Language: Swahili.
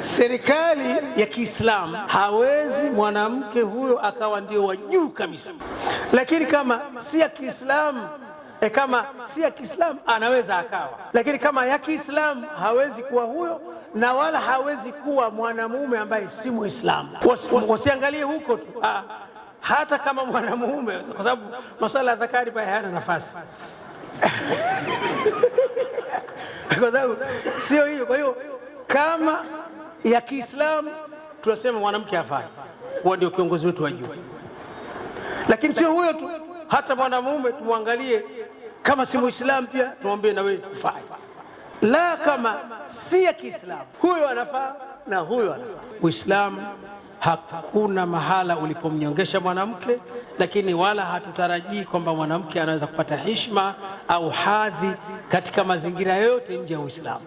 Serikali ya Kiislamu hawezi mwanamke huyo akawa ndio wa juu kabisa, lakini kama si ya Kiislamu e, kama si ya Kiislamu anaweza akawa, lakini kama ya Kiislamu hawezi kuwa huyo, na wala hawezi kuwa mwanamume ambaye si Muislamu. Wasiangalie huko tu, ah, hata kama mwanamume, kwa sababu masuala ya dhakari pia hayana nafasi kwa sababu sio hiyo. Kwa hiyo kama ya Kiislamu tunasema mwanamke afai Huwa ndio kiongozi wetu wa juu, lakini sio huyo tu, hata mwanamume tumwangalie, kama si muislamu pia tumwambie na wewe ufai. la kama si ya Kiislamu, huyo anafaa na huyo anafaa. Uislamu hakuna mahala ulipomnyongesha mwanamke, lakini wala hatutarajii kwamba mwanamke anaweza kupata heshima au hadhi katika mazingira yoyote nje ya Uislamu.